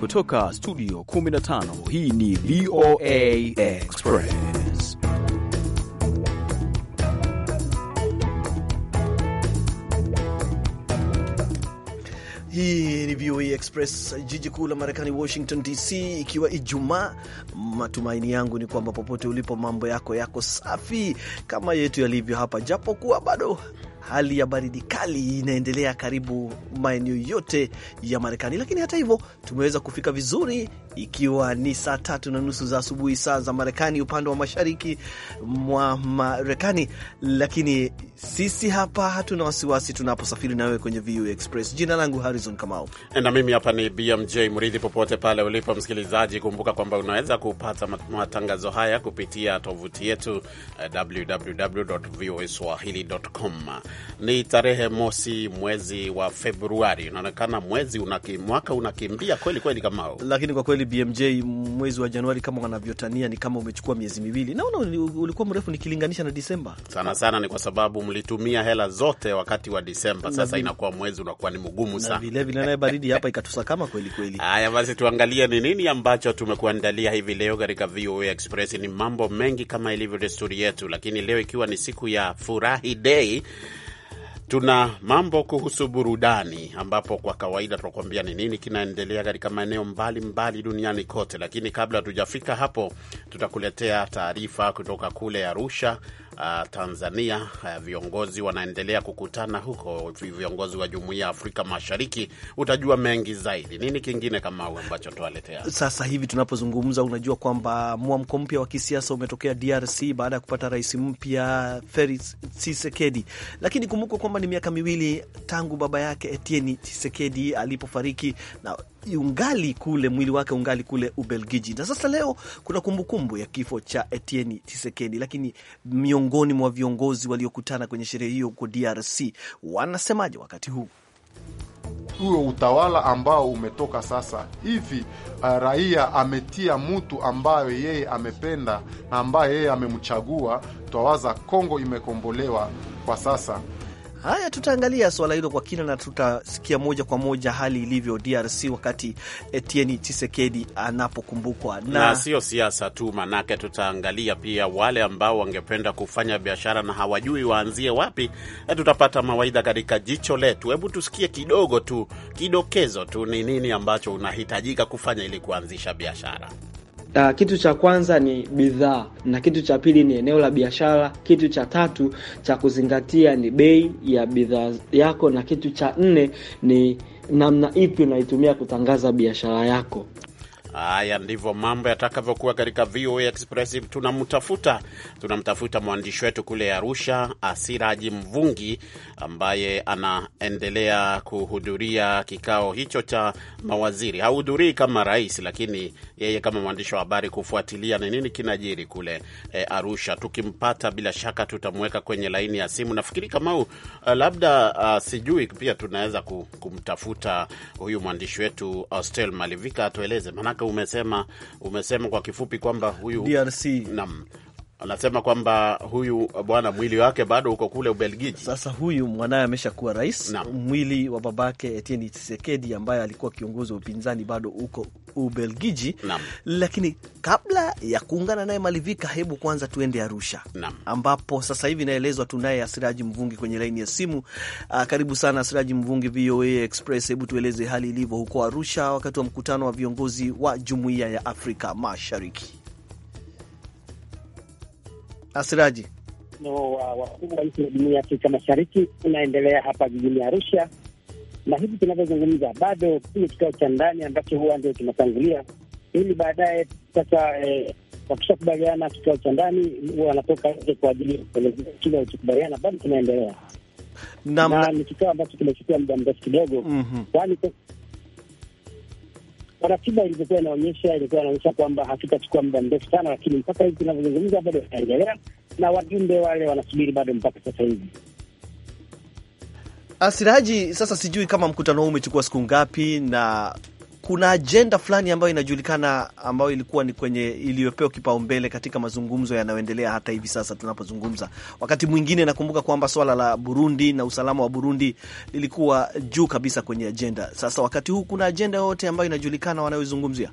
Kutoka studio 15 hii ni VOA Express. Hii ni VOA Express, jiji kuu la Marekani, Washington DC, ikiwa Ijumaa. Matumaini yangu ni kwamba popote ulipo, mambo yako yako safi kama yetu yalivyo hapa, japokuwa bado hali ya baridi kali inaendelea karibu maeneo yote ya Marekani, lakini hata hivyo tumeweza kufika vizuri ikiwa ni saa tatu na nusu za asubuhi saa za Marekani, upande wa mashariki mwa Marekani. Lakini sisi hapa hatuna wasiwasi tunaposafiri nawe kwenye VU Express. Jina langu Harrison Kamau na mimi hapa ni BMJ Mridhi. Popote pale ulipo msikilizaji, kumbuka kwamba unaweza kupata matangazo haya kupitia tovuti yetu eh, www.voaswahili.com. Ni tarehe mosi mwezi wa Februari, unaonekana mwezi unaki, mwaka unakimbia kweli kweli Kamau, lakini kwa kweli kweli BMJ, mwezi wa Januari kama wanavyotania ni kama umechukua miezi miwili. Naona ulikuwa mrefu nikilinganisha na Disemba. Sana sana ni kwa sababu mlitumia hela zote wakati wa Disemba. Sasa inakuwa mwezi unakuwa ni mgumu sana, vilevile naye baridi hapa ikatusakama kweli kweli. Haya basi, tuangalie ni nini ambacho tumekuandalia hivi leo katika VOA Express. Ni mambo mengi kama ilivyo desturi yetu, lakini leo ikiwa ni siku ya furahi dei Tuna mambo kuhusu burudani, ambapo kwa kawaida tunakuambia ni nini kinaendelea katika maeneo mbalimbali duniani kote, lakini kabla hatujafika hapo, tutakuletea taarifa kutoka kule Arusha uh, Tanzania. Uh, viongozi wanaendelea kukutana huko, viongozi wa jumuiya ya Afrika Mashariki. Utajua mengi zaidi. Nini kingine kama au ambacho tuwaletea sasa hivi tunapozungumza? Unajua kwamba mwamko mpya wa kisiasa umetokea DRC baada ya kupata rais mpya Felix Tshisekedi, lakini kumbuka kwamba ni miaka miwili tangu baba yake Etienne Tshisekedi alipofariki na ungali kule mwili wake ungali kule Ubelgiji. Na sasa leo kuna kumbukumbu ya kifo cha Etieni Tisekedi, lakini miongoni mwa viongozi waliokutana kwenye sherehe hiyo huko DRC wanasemaje wakati huu? Huyo utawala ambao umetoka sasa hivi, uh, raia ametia mtu ambayo yeye amependa na ambaye yeye amemchagua, twawaza Kongo imekombolewa kwa sasa. Haya, tutaangalia suala hilo kwa kina na tutasikia moja kwa moja hali ilivyo DRC wakati Etienne chisekedi anapokumbukwa na... na sio siasa tu, manake tutaangalia pia wale ambao wangependa kufanya biashara na hawajui waanzie wapi. E, tutapata mawaidha katika jicho letu. Hebu tusikie kidogo tu, kidokezo tu, ni nini ambacho unahitajika kufanya ili kuanzisha biashara. Uh, kitu cha kwanza ni bidhaa na kitu cha pili ni eneo la biashara. Kitu cha tatu cha kuzingatia ni bei ya bidhaa yako, na kitu cha nne ni namna ipi unaitumia kutangaza biashara yako. Haya ndivyo mambo yatakavyokuwa katika VOA Express. Tunamtafuta, tunamtafuta mwandishi wetu kule Arusha, Asiraji Mvungi, ambaye anaendelea kuhudhuria kikao hicho cha mawaziri. Hahudhurii kama rais, lakini yeye kama mwandishi wa habari kufuatilia ni nini kinajiri kule e, Arusha. Tukimpata bila shaka tutamweka kwenye laini ya simu. Nafikiri kama u, eh, labda a, ah, sijui pia tunaweza kumtafuta huyu mwandishi wetu Austel Malivika atueleze manaka umesema umesema kwa kifupi kwamba huyu DRC nam anasema kwamba huyu bwana mwili wake bado uko kule Ubelgiji. Sasa huyu mwanaye ameshakuwa rais na mwili wa babake Etienne Tshisekedi ambaye alikuwa kiongozi wa upinzani bado uko Ubelgiji na. Lakini kabla ya kuungana naye Malivika, hebu kwanza tuende Arusha na. ambapo sasa hivi inaelezwa tunaye Asiraji Mvungi kwenye laini ya simu. Uh, karibu sana Asiraji Mvungi, VOA Express. Hebu tueleze hali ilivyo huko Arusha wakati wa mkutano wa viongozi wa Jumuiya ya Afrika Mashariki. Asiraji wakuu wa nchi wa jumuiya ya Afrika Mashariki unaendelea hapa jijini Arusha, na hivi tunavyozungumza bado kile kikao cha ndani ambacho huwa ndio tunatangulia, ili baadaye sasa eh, wakishakubaliana kikao cha ndani wanatoka nje kwa ajili ya kuelezea kile walichokubaliana. Bado kinaendelea na ni kikao ambacho kimechukua muda mrefu kidogo, mhm. kwani kwa ratiba ilivyokuwa inaonyesha, ilikuwa inaonyesha kwamba hakitachukua muda mrefu sana, lakini mpaka hivi tunavyozungumza bado inaendelea na wajumbe wale wanasubiri bado mpaka sasa hivi. Asiraji, ah, sasa sijui kama mkutano huu umechukua siku ngapi na kuna ajenda fulani ambayo inajulikana ambayo ilikuwa ni kwenye iliyopewa kipaumbele katika mazungumzo yanayoendelea hata hivi sasa tunapozungumza. Wakati mwingine nakumbuka kwamba swala la Burundi na usalama wa Burundi lilikuwa juu kabisa kwenye ajenda. Sasa wakati huu kuna ajenda yoyote ambayo inajulikana wanayozungumzia?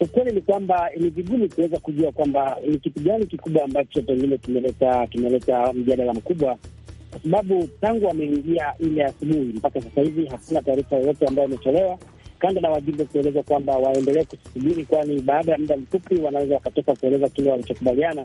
Ukweli ni kwamba ni vigumu kuweza kujua kwamba ni kitu gani kikubwa ambacho pengine kimeleta kimeleta mjadala mkubwa kwa sababu tangu wameingia ile asubuhi mpaka sasa hivi hakuna taarifa yoyote ambayo imetolewa, kando na wajumbe kueleza kwamba waendelee kusubiri, kwani baada ya muda mfupi wanaweza wakatoka kueleza kile walichokubaliana,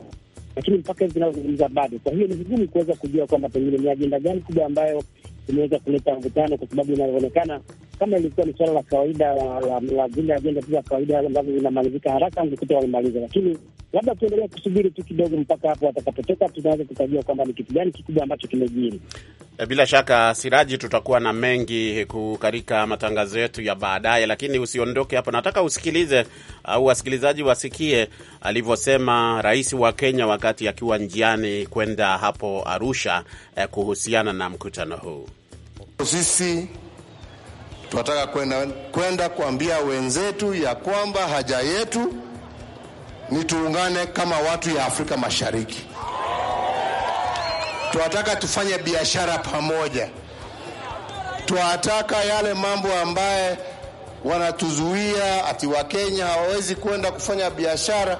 lakini mpaka hivi tunavyozungumza bado. Kwa hiyo ni vigumu kuweza kujua kwamba pengine ni ajenda gani kubwa ambayo imeweza kuleta mvutano, kwa sababu inavyoonekana kama ilikuwa ni suala la kawaida la zile ajenda tu za kawaida ambazo zinamalizika haraka, ungekuta wamemaliza, lakini labda tuendelee kusubiri tu kidogo mpaka hapo watakapotoka, tunaweza kutajua kwamba ni kitu gani kikubwa ambacho kimejiri. E, bila shaka, Siraji, tutakuwa na mengi katika matangazo yetu ya baadaye, lakini usiondoke hapo. Nataka usikilize au uh, wasikilizaji wasikie alivyosema rais wa Kenya wakati akiwa njiani kwenda hapo Arusha, eh, kuhusiana na mkutano huu. Sisi tunataka kwenda kwenda kuambia wenzetu ya kwamba haja yetu ni tuungane kama watu ya Afrika Mashariki. Tunataka tufanye biashara pamoja. Tunataka yale mambo ambaye wanatuzuia ati Wakenya hawawezi kwenda kufanya biashara,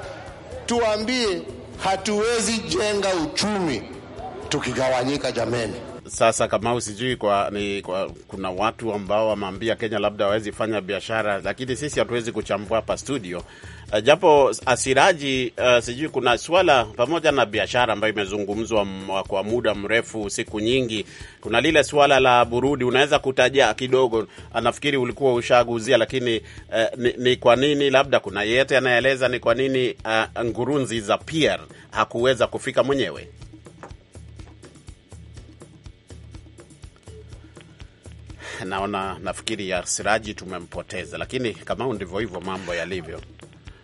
tuambie hatuwezi jenga uchumi tukigawanyika, jameni. Sasa kama sijui kwa, ni, kwa, kuna watu ambao wameambia Kenya labda hawezi fanya biashara, lakini sisi hatuwezi kuchambua hapa studio uh, japo asiraji uh, sijui kuna swala pamoja na biashara ambayo imezungumzwa kwa muda mrefu, siku nyingi. Kuna lile swala la Burudi, unaweza kutaja kidogo? Ah, nafikiri ulikuwa ushaguzia, lakini uh, ni, ni kwa nini labda kuna yeyote anaeleza ni kwa nini uh, ah, Ngurunzi za Pierre hakuweza kufika mwenyewe? naona nafikiri ya Siraji tumempoteza, lakini kama ndivyo hivyo mambo yalivyo.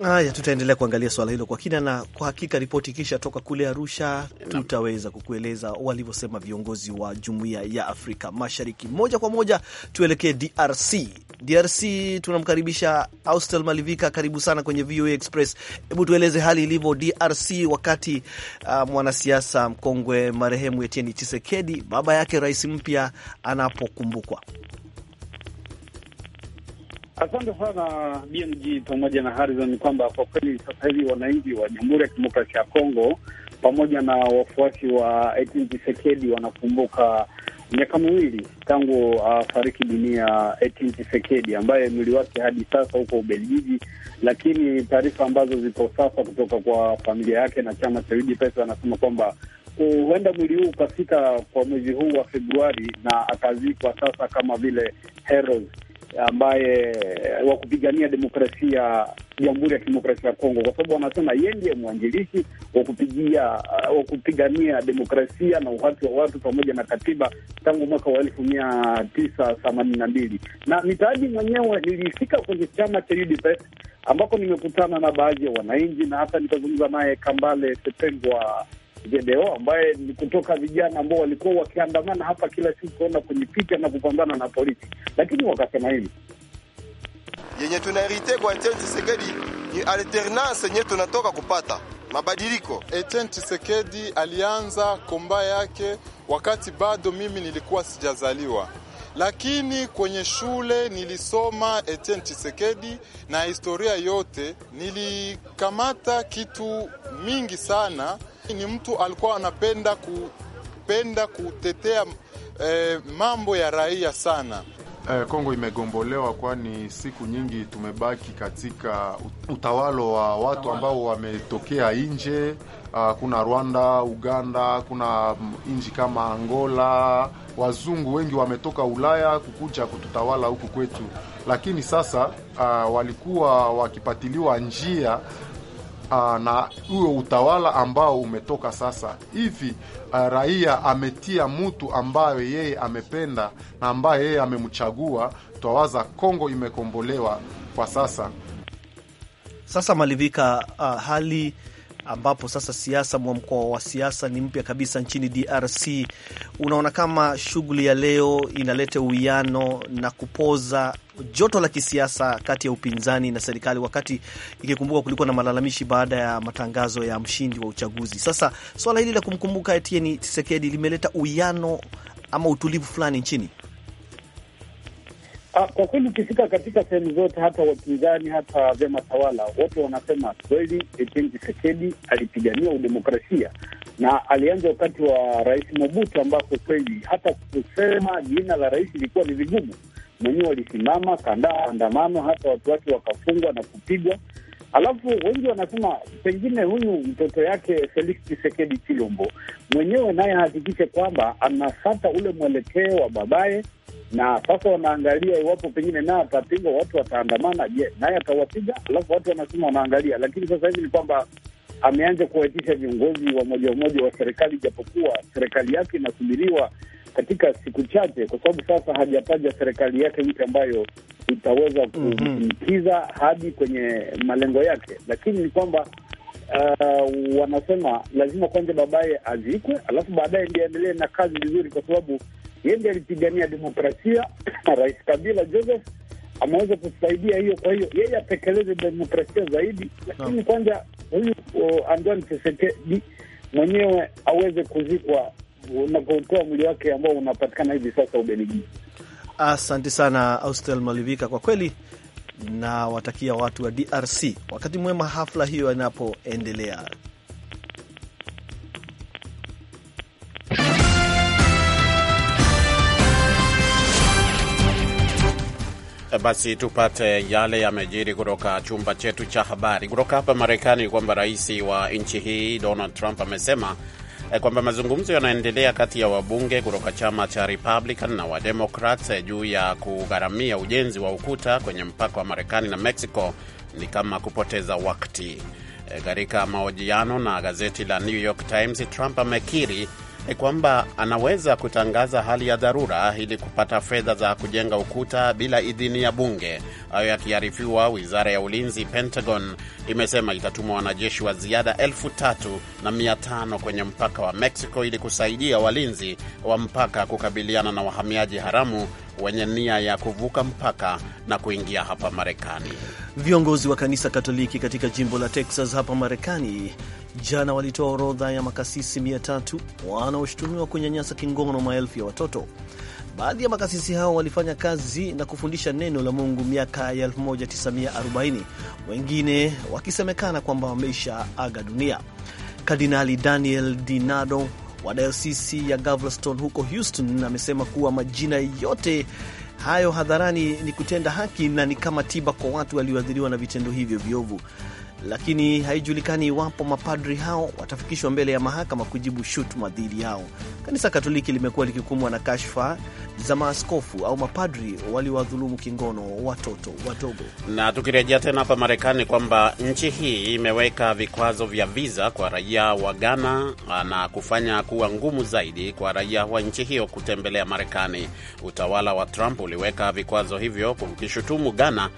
Haya, tutaendelea kuangalia swala hilo kwa kina, na kwa hakika ripoti ikisha toka kule Arusha tutaweza kukueleza walivyosema viongozi wa jumuiya ya Afrika Mashariki. Moja kwa moja tuelekee DRC. DRC tunamkaribisha Austel Malivika, karibu sana kwenye VOA Express. Hebu tueleze hali ilivyo DRC wakati uh, mwanasiasa mkongwe marehemu Etieni chisekedi baba yake rais mpya, anapokumbukwa. Asante sana BMG pamoja na Harrison. Ni kwamba kwa kweli sasa hivi wananchi wa Jamhuri ya Kidemokrasia ya Kongo pamoja na wafuasi wa Etienne Tshisekedi wanakumbuka miaka miwili tangu afariki uh, dunia Etienne Tshisekedi ambaye mwili wake hadi sasa huko Ubelgiji, lakini taarifa ambazo zipo sasa kutoka kwa familia yake na chama cha UDPS anasema kwamba huenda mwili huu ukafika kwa mwezi huu wa Februari na akazikwa sasa kama vile ambaye eh, wa kupigania demokrasia Jamhuri ya Kidemokrasia ya Kongo, kwa sababu wanasema yeye ndiye mwanjilishi wa kupigia uh, wa kupigania demokrasia na uhaki wa watu pamoja na katiba tangu mwaka wa elfu mia tisa themanini na mbili. Na mitaaji mwenyewe nilifika kwenye chama cha UDPS ambako nimekutana na baadhi ya wananchi na hata nikazungumza naye Kambale Sepengwa Gedeo ambaye ni kutoka vijana ambao walikuwa wakiandamana hapa kila siku kwenye picha na kupambana na polisi, lakini wakasema hivi yenye tunaherite kwa Etienne Tshisekedi ni alternance yenye tunatoka kupata mabadiliko. Etienne Tshisekedi alianza komba yake wakati bado mimi nilikuwa sijazaliwa, lakini kwenye shule nilisoma Etienne Tshisekedi na historia yote, nilikamata kitu mingi sana ni mtu alikuwa anapenda kupenda kutetea eh, mambo ya raia sana. Eh, Kongo imegombolewa kwani siku nyingi tumebaki katika utawalo wa watu ambao wametokea nje. Ah, kuna Rwanda, Uganda, kuna nchi kama Angola. Wazungu wengi wametoka Ulaya kukuja kututawala huku kwetu, lakini sasa ah, walikuwa wakipatiliwa njia uh, na huyo utawala ambao umetoka sasa hivi uh, raia ametia mtu ambayo yeye amependa na ambaye yeye amemchagua. Twawaza Kongo imekombolewa kwa sasa. Sasa malivika uh, hali ambapo sasa siasa, mwamko wa siasa ni mpya kabisa nchini DRC. Unaona kama shughuli ya leo inaleta uwiano na kupoza joto la kisiasa kati ya upinzani na serikali, wakati ikikumbuka kulikuwa na malalamishi baada ya matangazo ya mshindi wa uchaguzi. Sasa swala hili la kumkumbuka Etienne Tshisekedi limeleta uwiano ama utulivu fulani nchini. Ah, kwa kweli ukifika katika sehemu zote, hata wapinzani, hata vyama tawala, wote wanasema kweli Etienne Tshisekedi alipigania udemokrasia na alianza wakati wa Rais Mobutu, ambapo kweli hata kusema jina la rais ilikuwa ni vigumu. Mwenyewe walisimama kandaa andamano, hata watu wake wakafungwa na kupigwa. Alafu wengi wanasema pengine huyu mtoto yake Felix Tshisekedi Chilombo mwenyewe naye ahakikishe kwamba anafata ule mwelekeo wa babaye na sasa wanaangalia iwapo pengine naye atapigwa, watu wataandamana. Je, naye atawapiga? Alafu watu wanasema wanaangalia, lakini sasa hivi ni kwamba ameanza kuwaitisha viongozi wa moja moja wa serikali, japokuwa serikali yake inasubiriwa katika siku chache, kwa sababu sasa hajataja serikali yake mpya ambayo itaweza kumkiza mhm. hadi kwenye malengo yake, lakini ni kwamba uh, wanasema lazima kwanza babaye azikwe, alafu baadaye ndiye aendelee na kazi vizuri, kwa sababu yeye ndiye alipigania demokrasia Rais Kabila Joseph ameweza kusaidia hiyo. Kwa hiyo yeye atekeleze demokrasia zaidi, lakini no. kwanza huyu Antoine Tshisekedi mwenyewe aweze kuzikwa na kutoa mwili wake ambao unapatikana hivi sasa Ubelgiji. Asante sana Austel Malivika, kwa kweli na watakia watu wa DRC wakati mwema hafla hiyo inapoendelea. Eh, basi tupate yale yamejiri kutoka chumba chetu cha habari kutoka hapa Marekani, kwamba rais wa nchi hii Donald Trump amesema eh, kwamba mazungumzo yanaendelea kati ya wabunge kutoka chama cha Republican na Wademokrat eh, juu ya kugharamia ujenzi wa ukuta kwenye mpaka wa Marekani na Mexico ni kama kupoteza wakati. Katika mahojiano na gazeti la New York Times, Trump amekiri ni kwamba anaweza kutangaza hali ya dharura ili kupata fedha za kujenga ukuta bila idhini ya bunge. Hayo yakiarifiwa, wizara ya ulinzi Pentagon imesema itatuma wanajeshi wa ziada elfu tatu na mia tano kwenye mpaka wa Mexico ili kusaidia walinzi wa mpaka kukabiliana na wahamiaji haramu wenye nia ya kuvuka mpaka na kuingia hapa Marekani. Viongozi wa kanisa Katoliki katika jimbo la Texas hapa Marekani jana walitoa orodha ya makasisi 3 wanaoshutumiwa kunyanyasa kingono maelfu ya watoto. Baadhi ya makasisi hao walifanya kazi na kufundisha neno la Mungu miaka ya 1940, wengine wakisemekana kwamba wameisha aga dunia. Kardinali Daniel Dinado wa dayosisi ya Galveston huko Houston amesema kuwa majina yote hayo hadharani ni kutenda haki na ni kama tiba kwa watu walioathiriwa na vitendo hivyo viovu lakini haijulikani iwapo mapadri hao watafikishwa mbele ya mahakama kujibu shutuma dhidi yao. Kanisa Katoliki limekuwa likikumbwa na kashfa za maaskofu au mapadri waliowadhulumu kingono watoto wadogo. Na tukirejea tena hapa Marekani, kwamba nchi hii imeweka vikwazo vya viza kwa raia wa Ghana na kufanya kuwa ngumu zaidi kwa raia wa nchi hiyo kutembelea Marekani. Utawala wa Trump uliweka vikwazo hivyo kukishutumu Ghana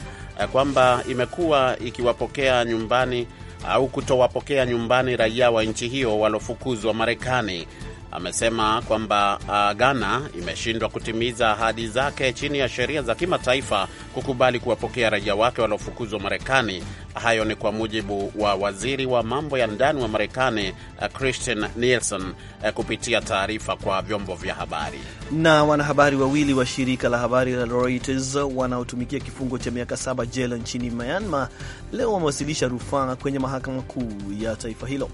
kwamba imekuwa ikiwapokea nyumbani au kutowapokea nyumbani raia wa nchi hiyo walofukuzwa Marekani amesema kwamba uh, Ghana imeshindwa kutimiza ahadi zake chini ya sheria za kimataifa kukubali kuwapokea raia wake waliofukuzwa Marekani. Hayo ni kwa mujibu wa waziri wa mambo ya ndani wa Marekani uh, Christian Nielsen uh, kupitia taarifa kwa vyombo vya habari. Na wanahabari wawili wa shirika la habari la Reuters wanaotumikia kifungo cha miaka saba jela nchini Myanmar leo wamewasilisha rufaa kwenye mahakama kuu ya taifa hilo.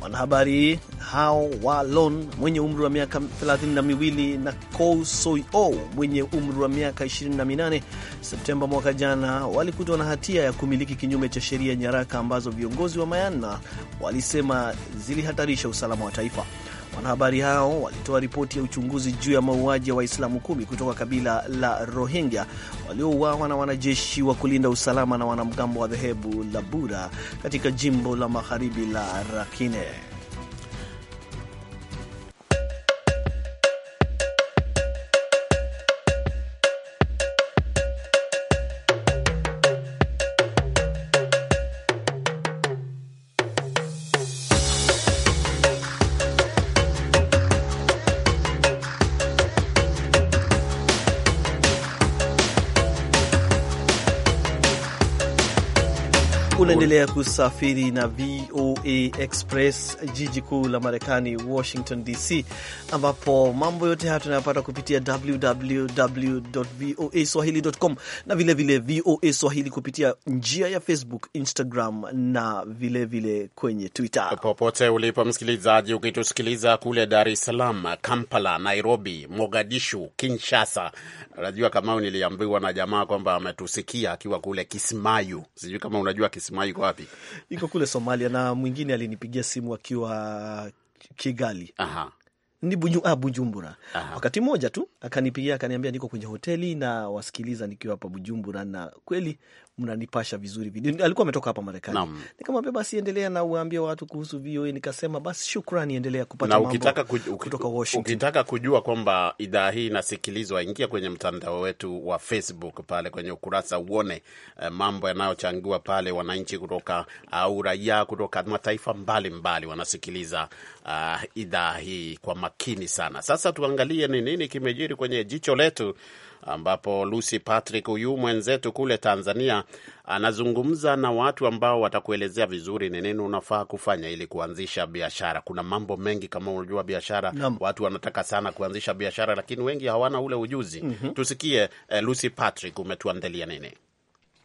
Wanahabari hao wa Lon mwenye umri wa miaka 32 na Kosoio mwenye umri wa miaka 28 Septemba mwaka jana walikutwa na hatia ya kumiliki kinyume cha sheria nyaraka ambazo viongozi wa Myanmar walisema zilihatarisha usalama wa taifa. Wanahabari hao walitoa ripoti ya uchunguzi juu ya mauaji ya Waislamu kumi kutoka kabila la Rohingya waliouawa na wanajeshi wa kulinda usalama na wanamgambo wa dhehebu la bura katika jimbo la magharibi la Rakhine. Unaendelea kusafiri na VOA VOA Express, jiji kuu la Marekani, Washington DC, ambapo mambo yote haya tunayapata kupitia www voa swahili.com na vilevile vile VOA Swahili kupitia njia ya Facebook, Instagram na vilevile vile kwenye Twitter. Popote ulipo msikilizaji, ukitusikiliza kule Dar es Salaam, Kampala, Nairobi, Mogadishu, Kinshasa, najua kama niliambiwa na jamaa kwamba ametusikia akiwa kule Kismayu. Sijui kama unajua Kismayu kwa wapi iko kule Somalia na mwingine alinipigia simu akiwa Kigali. Aha. Ni bunju, ah, Bujumbura. Aha. Wakati mmoja tu akanipigia akaniambia niko kwenye hoteli na wasikiliza nikiwa hapa Bujumbura, na kweli mnanipasha vizuri video. Alikuwa ametoka hapa Marekani, nikamwambia basi endelea na uambie watu kuhusu VOA. Nikasema basi shukrani, endelea kupata mambo ukitaka kuj... kutoka Washington. Ukitaka kujua kwamba idhaa hii inasikilizwa, ingia kwenye mtandao wetu wa Facebook pale kwenye ukurasa uone eh, mambo yanayochangiwa pale, wananchi kutoka au raia kutoka mataifa mbalimbali mbali, wanasikiliza uh, idhaa hii kwa makini sana. Sasa tuangalie ni nini kimejiri kwenye jicho letu ambapo Lucy Patrick huyu mwenzetu kule Tanzania anazungumza na watu ambao watakuelezea vizuri ni nini unafaa kufanya ili kuanzisha biashara. Kuna mambo mengi kama unajua biashara watu wanataka sana kuanzisha biashara, lakini wengi hawana ule ujuzi mm -hmm. Tusikie eh, Lucy Patrick, umetuandalia nini?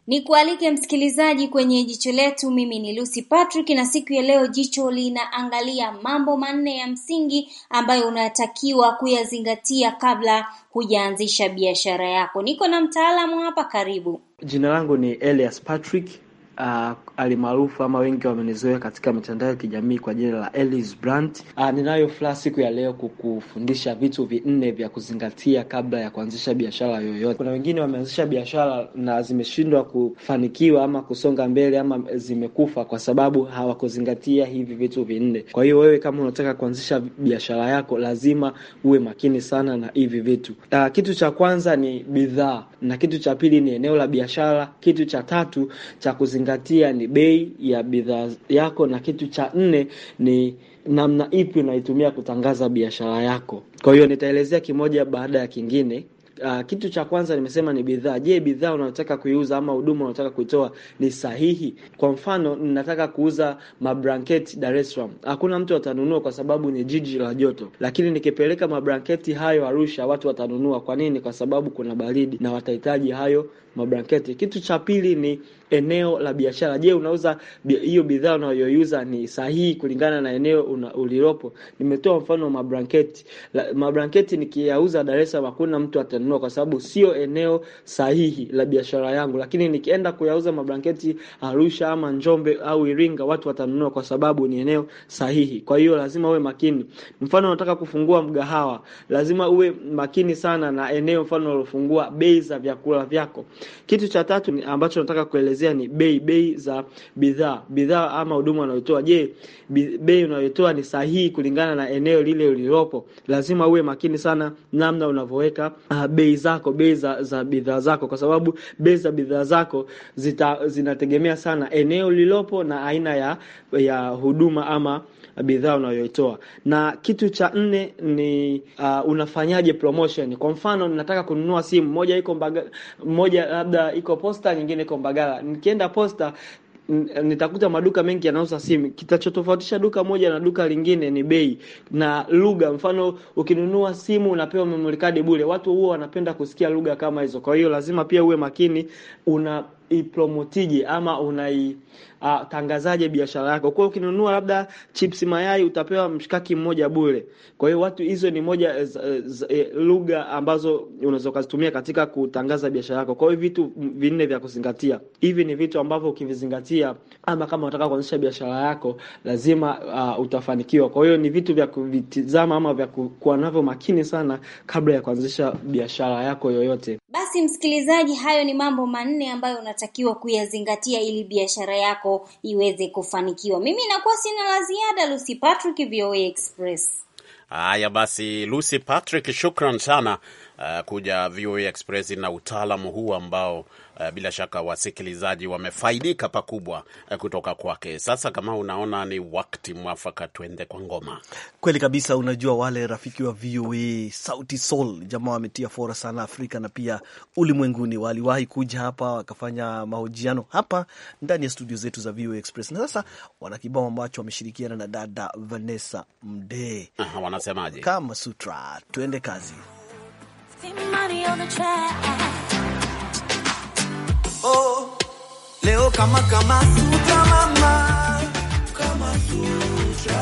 ni kualike msikilizaji kwenye jicho letu. Mimi ni Lucy Patrick, na siku ya leo jicho linaangalia mambo manne ya msingi ambayo unatakiwa kuyazingatia kabla hujaanzisha biashara yako. Niko na mtaalamu hapa, karibu. Jina langu ni Elias Patrick, uh, alimaarufu ama wengi wamenizoea katika mitandao ya kijamii kwa jina la Ellis Brand. Uh, ninayo furaha siku ya leo kukufundisha vitu vinne vya kuzingatia kabla ya kuanzisha biashara yoyote. Kuna wengine wameanzisha biashara na zimeshindwa kufanikiwa ama kusonga mbele ama zimekufa kwa sababu hawakuzingatia hivi vitu vinne. Kwa hiyo wewe kama unataka kuanzisha biashara yako lazima uwe makini sana na hivi vitu. Uh, kitu cha kwanza ni bidhaa na kitu cha pili ni eneo la biashara, kitu cha tatu cha kuzingatia kuzingatia ni bei ya bidhaa yako, na kitu cha nne ni namna ipi unaitumia kutangaza biashara yako. Kwa hiyo nitaelezea kimoja baada ya kingine uh, kitu cha kwanza nimesema ni bidhaa. Je, bidhaa unayotaka kuiuza ama huduma unayotaka kuitoa ni sahihi? Kwa mfano, ninataka kuuza mablanketi Dar es Salaam, hakuna mtu atanunua kwa sababu ni jiji la joto, lakini nikipeleka mablanketi hayo Arusha, watu watanunua. Kwa nini? Kwa sababu kuna baridi na watahitaji hayo mablanketi. Kitu cha pili ni eneo la biashara. Je, unauza hiyo bidhaa unayoiuza ni sahihi kulingana na eneo una, ulilopo? Nimetoa mfano mablanketi. Mablanketi nikiyauza Dar es Salaam hakuna mtu atanunua kuyanunua kwa sababu sio eneo sahihi la biashara yangu, lakini nikienda kuyauza mablanketi Arusha ama Njombe au Iringa, watu watanunua kwa sababu ni eneo sahihi. Kwa hiyo lazima uwe makini. Mfano unataka kufungua mgahawa, lazima uwe makini sana na eneo mfano ulofungua, bei za vyakula vyako. Kitu cha tatu ni ambacho nataka kuelezea ni bei, bei za bidhaa, bidhaa ama huduma unayotoa. Je, bei unayotoa ni sahihi kulingana na eneo lile ulilopo? Lazima uwe makini sana namna unavyoweka uh, bei zako, bei za, za bidhaa zako, kwa sababu bei za bidhaa zako zita, zinategemea sana eneo lilopo na aina ya, ya huduma ama bidhaa unayoitoa. Na kitu cha nne ni uh, unafanyaje promotion. Kwa mfano, nataka kununua simu moja, iko mbaga, moja labda iko Posta, nyingine iko Mbagala. Nikienda Posta nitakuta maduka mengi yanauza simu. Kitachotofautisha duka moja na duka lingine ni bei na lugha. Mfano, ukinunua simu unapewa memory card bure. Watu huwa wanapenda kusikia lugha kama hizo, kwa hiyo lazima pia uwe makini una unaipromotije ama unai uh, tangazaje biashara yako. Kwa ukinunua labda chips mayai utapewa mshikaki mmoja bure. Kwa hiyo watu, hizo ni moja e, lugha ambazo unaweza kuzitumia katika kutangaza biashara yako. Kwa hiyo vitu vinne vya kuzingatia. Hivi ni vitu ambavyo ukivizingatia ama kama unataka kuanzisha biashara yako lazima uh, utafanikiwa. Kwa hiyo ni vitu vya kuvitizama ama vya kuwa navyo makini sana kabla ya kuanzisha biashara yako yoyote. Basi msikilizaji, hayo ni mambo manne ambayo unata unatakiwa kuyazingatia ili biashara yako iweze kufanikiwa. Mimi nakuwa sina la ziada. Lucy Patrick, VOA Express. Haya basi, Lucy Patrick, shukran sana uh, kuja VOA Express na utaalamu huu ambao uh, bila shaka wasikilizaji wamefaidika pakubwa uh, kutoka kwake. Sasa kama unaona ni wakati mwafaka, tuende kwa ngoma. Kweli kabisa. Unajua wale rafiki wa VOA Sauti Sol jamaa wametia fora sana Afrika na pia ulimwenguni. Waliwahi kuja hapa wakafanya mahojiano hapa ndani ya studio zetu za VOA Express, na sasa wana kibao ambacho wameshirikiana na dada Vanessa Mdee. Aha, wanasemaje? Kama sutra, tuende kazi oh, leo kama kama sutra mama, kama sutra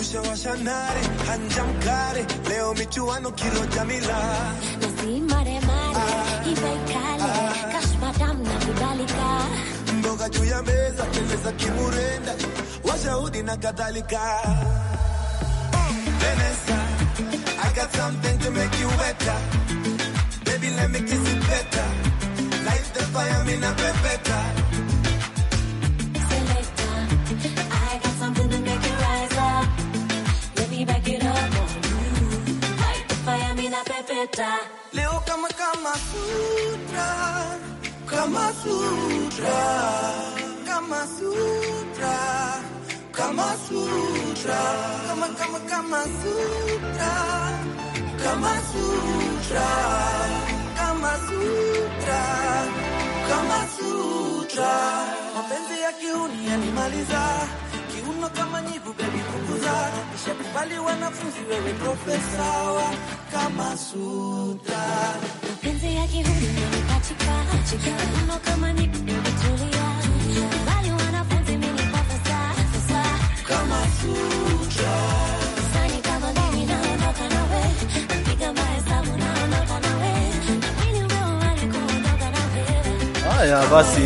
ushawasha nari hanjamkari leo michuano kilo jamila nazi maremare ivaikale kashmadam na kubalika mboga juu ya meza teleza kimurenda washahudi na kadhalika Vanessa, I got something to make you better. Baby, let me kiss it better. Light the fire, me na pepeta. Selecta. kuleta leo kama kama sutra kama sutra kama sutra kama sutra kama kama kama sutra kama sutra kama sutra kama sutra mapenzi ya kiuni yanimaliza kiuno kama nyivu galikukuza, nishakubali wanafunzi, wewe profesa wa kama suta mapenzi ya kihuni nimepachika kiuno kama nyivu nimetulia, Haya basi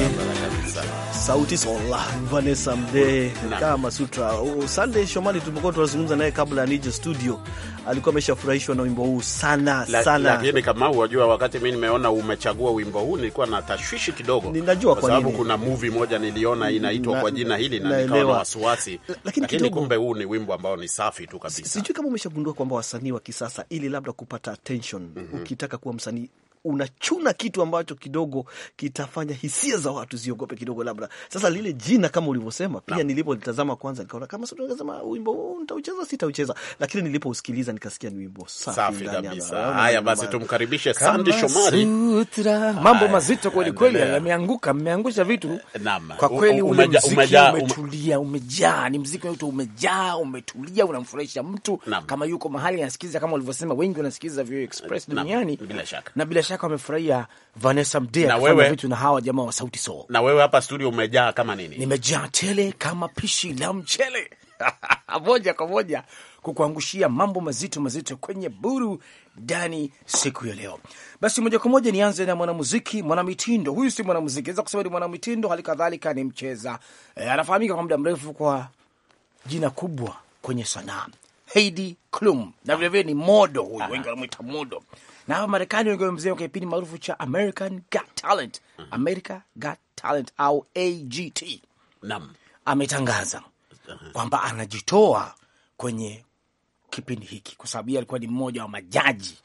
sauti sola Vanessa Mdee kama sutra. Sunday Shomali tumekuwa tunazungumza naye kabla ya nije studio, alikuwa ameshafurahishwa na wimbo huu sana la, sana. Lakini kama unajua, wakati mimi nimeona umechagua wimbo huu nilikuwa na tashwishi kidogo, ninajua kwa sababu kuna movie moja niliona inaitwa kwa jina hili na nikawa na wasiwasi, lakini kumbe huu ni wimbo ambao ni safi tu kabisa. Sijui kama umeshagundua kwamba wasanii wa kisasa ili labda kupata attention, mm -hmm. ukitaka kuwa msanii unachuna kitu ambacho kidogo kitafanya hisia za watu ziogope kidogo, labda sasa lile jina kama ulivyosema pia no. Nilipolitazama kwanza nikaona kama sema ah, wimbo huu nitaucheza, sitaucheza, lakini nilipousikiliza nikasikia ni wimbo safi kabisa. Haya basi, tumkaribishe Sandi Shomari. Mambo mazito kweli kweli yameanguka, mmeangusha vitu Naam. Kwa kweli ule muziki umetulia, umejaa, ni mziki unaitwa umejaa, umetulia, unamfurahisha mtu Naam. Kama yuko mahali anasikiliza, kama ulivyosema, wengi wanasikiliza Vio Express duniani Naam. Bila shaka na bila shaka shaka wamefurahia Vanessa Mdee akifanya vitu na hawa jamaa wa Sauti Sol. Na wewe hapa studio umejaa kama nini? Nimejaa tele kama pishi la mchele moja kwa moja kukuangushia mambo mazito mazito kwenye buru ndani siku ya leo. Basi moja kwa moja nianze na mwanamuziki mwanamitindo. Huyu si mwanamuziki, naweza kusema ni mwanamitindo, hali kadhalika ni mcheza e, anafahamika kwa muda mrefu kwa jina kubwa kwenye sanaa Heidi Klum na vilevile ni modo huyu, wengi wanamwita modo na hapa Marekani wanakimbizana kwenye kipindi maarufu cha American Got Talent, mm -hmm. America Got Talent au AGT. nam ametangaza uh-huh. kwamba anajitoa kwenye kipindi hiki kwa sababu yeye alikuwa ni mmoja wa majaji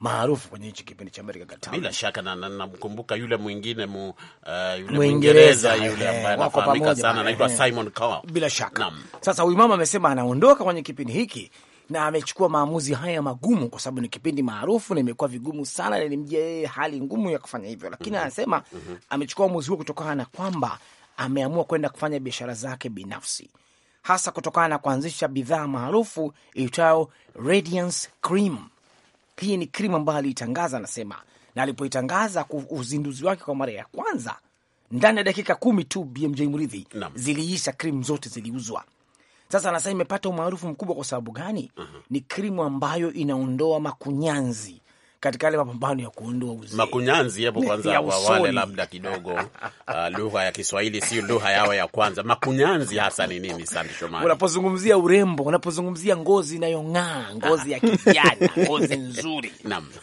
maarufu kwenye hichi kipindi cha America Got Talent. Bila shaka namkumbuka na, na, yule mwingine mu, uh, yule Mwingereza yule ambaye anafahamika sana anaitwa Simon Cowell. Bila shaka. Nam. Sasa huyu mama amesema anaondoka kwenye kipindi hiki na amechukua maamuzi haya magumu, kwa sababu ni kipindi maarufu na imekuwa vigumu sana, na ilimjia yeye hali ngumu ya kufanya hivyo, lakini mhm. anasema mm -hmm. amechukua uamuzi huo kutokana na kwamba ameamua kwenda kufanya biashara zake binafsi, hasa kutokana na kuanzisha bidhaa maarufu iitwayo Radiance Cream. Hii ni krimu ambayo aliitangaza, anasema, na alipoitangaza uzinduzi wake kwa mara ya kwanza ndani ya dakika kumi tu, BMJ Mridhi, ziliisha, krimu zote ziliuzwa. Sasa anasema imepata umaarufu mkubwa kwa sababu gani? uh mhm. -huh. Ni krimu ambayo inaondoa makunyanzi katika yale mapambano ya kuondoa uzee. Makunyanzi yapo kwanza ya wale labda kidogo uh, lugha ya Kiswahili sio lugha yao ya kwanza. Makunyanzi hasa ni nini? Sande Shomari, unapozungumzia urembo, unapozungumzia ngozi inayong'aa, ngozi ya kijana, ngozi nzuri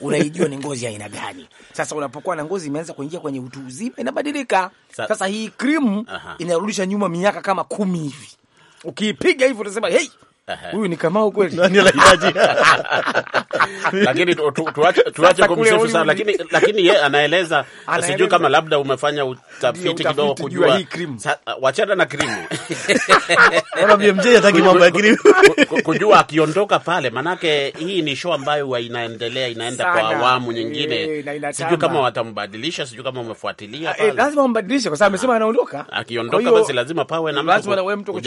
unaijua ni ngozi ya aina gani? Sasa unapokuwa na ngozi imeanza kuingia kwenye utu uzima inabadilika. Sasa hii krimu inarudisha nyuma miaka kama kumi hivi o que piga aí, por exemplo, hey! Huyu ni Kamau kweli? Nani anahitaji? Lakini tuache kumsifu sana, lakini lakini yeye anaeleza, sijui kama labda umefanya utafiti kidogo kujua. Wachana na BMJ hataki mambo ya Kujua akiondoka pale, manake hii ni show ambayo inaendelea inaenda kwa awamu nyingine. Eh, sijui kama watambadilisha, sijui kama umefuatilia eh, pale. Lazima wambadilishe kwa sababu amesema ah. anaondoka. Akiondoka basi lazima pawe na mtu. Lazima na wewe mtu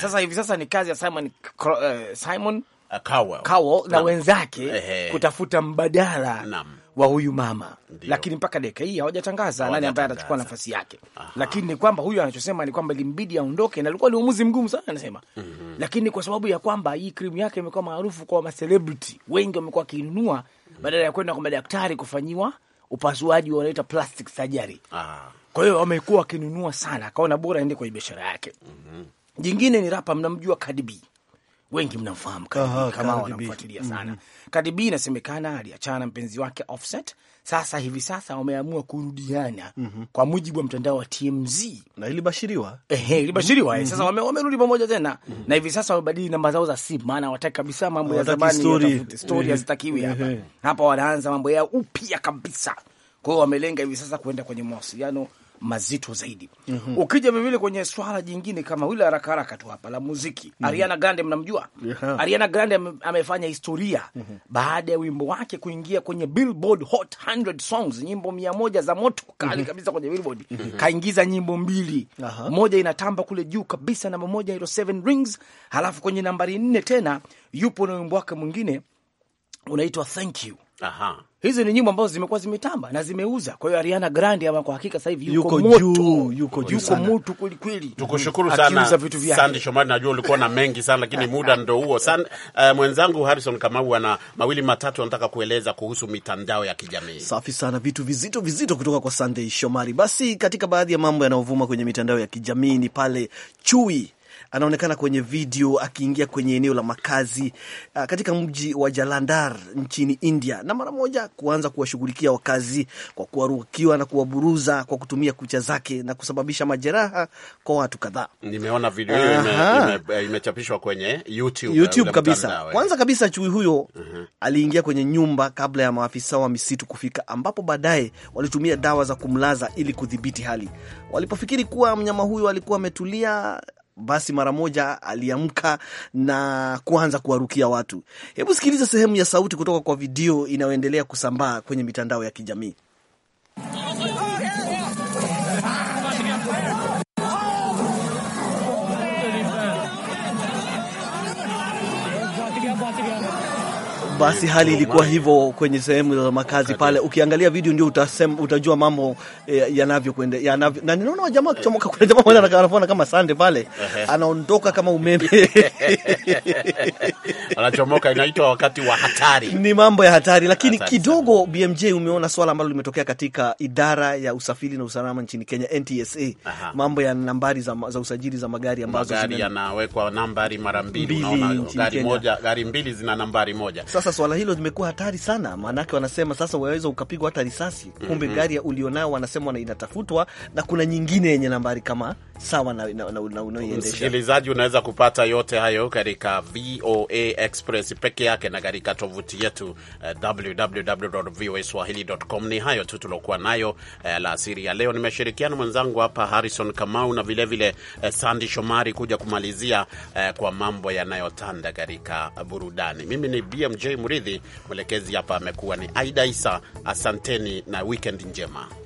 Sasa hivi sasa ni kazi ya Simon, uh, Simon Cowell. Cowell na wenzake Ehe. kutafuta mbadala Nam. wa huyu mama Ndiyo. Lakini mpaka dakika hii hawajatangaza nani ambaye atachukua nafasi yake. Aha. Lakini ni kwamba huyu anachosema ni kwamba ilimbidi aondoke, na alikuwa ni uamuzi mgumu sana anasema. mm -hmm. Lakini kwa sababu ya kwamba hii krimu yake imekuwa maarufu kwa macelebrity wengi wamekuwa wakiinunua mm -hmm. badala ya kwenda kwa madaktari kufanyiwa upasuaji wanaita plastic surgery. Ah. Kwa hiyo wamekuwa wakinunua sana, akaona bora aende kwenye biashara yake mm -hmm. Jingine ni rapa, mnamjua Cardi B, wengi mnamfahamu kama wanamfuatilia mhm. sana mm -hmm. Cardi B inasemekana aliachana na mpenzi wake Offset. Sasa hivi sasa wameamua kurudiana mm -hmm. kwa mujibu wa mtandao wa TMZ, na ilibashiriwa ehe, ilibashiriwa mm -hmm. Sasa mhm. wamerudi wame pamoja tena mm -hmm. na hivi sasa wamebadili namba zao za simu, maana wataki kabisa mambo ya zamani, story hazitakiwi hapa hapa, wanaanza mambo yao upya kabisa. Kwa hiyo wamelenga hivi sasa kuenda kwenye mawasiliano mazito zaidi. mm -hmm. Ukija vivile kwenye swala jingine kama wile haraka haraka tu hapa la muziki mm -hmm. Ariana Grande mnamjua? yeah. Ariana Grande amefanya historia mm -hmm. baada ya wimbo wake kuingia kwenye Billboard Hot 100 Songs, nyimbo mia moja za moto kali mm -hmm. kabisa kwenye Billboard mm -hmm. kaingiza nyimbo mbili uh -huh. moja inatamba kule juu kabisa, namba moja hilo Seven Rings, halafu kwenye nambari nne tena yupo na wimbo wake mwingine unaitwa Thank You Aha. Hizi ni nyimbo ambazo zimekuwa zimetamba na zimeuza. Kwa hiyo Ariana Grande ama kwa hakika sasa hivi yuko moto, yuko yuko moto kweli kweli. Tukushukuru sana Sandy Shomari, najua ulikuwa na mengi sana lakini muda ndio huo. San, uh, mwenzangu Harrison Kamau ana mawili matatu anataka kueleza kuhusu mitandao ya kijamii. Safi sana, vitu vizito vizito kutoka kwa Sandy Shomari. Basi katika baadhi ya mambo yanayovuma kwenye mitandao ya kijamii ni pale Chui anaonekana kwenye video akiingia kwenye eneo la makazi uh, katika mji wa Jalandhar nchini India, na mara moja kuanza kuwashughulikia wakazi kwa kuwarukiwa na kuwaburuza kwa kutumia kucha zake na kusababisha majeraha kwa watu kadhaa. Nimeona video hiyo imechapishwa ime, ime kwenye YouTube, YouTube kabisa. Eh. Kwanza kabisa chui huyo uh mhm. -huh. aliingia kwenye nyumba kabla ya maafisa wa misitu kufika, ambapo baadaye walitumia dawa za kumlaza ili kudhibiti hali. Walipofikiri kuwa mnyama huyo alikuwa ametulia basi mara moja aliamka na kuanza kuwarukia watu. Hebu sikiliza sehemu ya sauti kutoka kwa video inayoendelea kusambaa kwenye mitandao ya kijamii. Basi hali ilikuwa hivyo kwenye sehemu za makazi pale. Ukiangalia video ndio utasema, utajua mambo eh, yanavyokwenda yanavyo, na ninaona jamaa akichomoka, kuna jamaa mmoja anafanya kama sande pale, anaondoka kama umeme, anachomoka. Inaitwa wakati wa hatari, ni mambo ya hatari. Lakini kidogo, BMJ, umeona swala ambalo limetokea katika idara ya usafiri na usalama nchini Kenya, NTSA, mambo ya nambari za, za usajili za magari ambazo magari yanawekwa nambari mara mbili. Unaona gari moja, gari mbili zina nambari moja. Sasa swala hilo limekuwa hatari sana, maanake wanasema sasa waweza ukapigwa hata risasi, kumbe mm -hmm. gari ulionao wanasema inatafutwa na kuna nyingine yenye nambari kama sawa na, na, na, na unaoiendesha. Msikilizaji, unaweza kupata yote hayo katika VOA Express peke yake na katika tovuti yetu uh, eh, www.voaswahili.com. Ni hayo tu tuliokuwa nayo uh, la asiri ya leo. Nimeshirikiana mwenzangu hapa Harrison Kamau na vilevile uh, eh, Sandi Shomari kuja kumalizia uh, kwa mambo yanayotanda katika burudani. Mimi ni BMJ mridhi mwelekezi hapa amekuwa ni Aida Isa. Asanteni na weekend njema.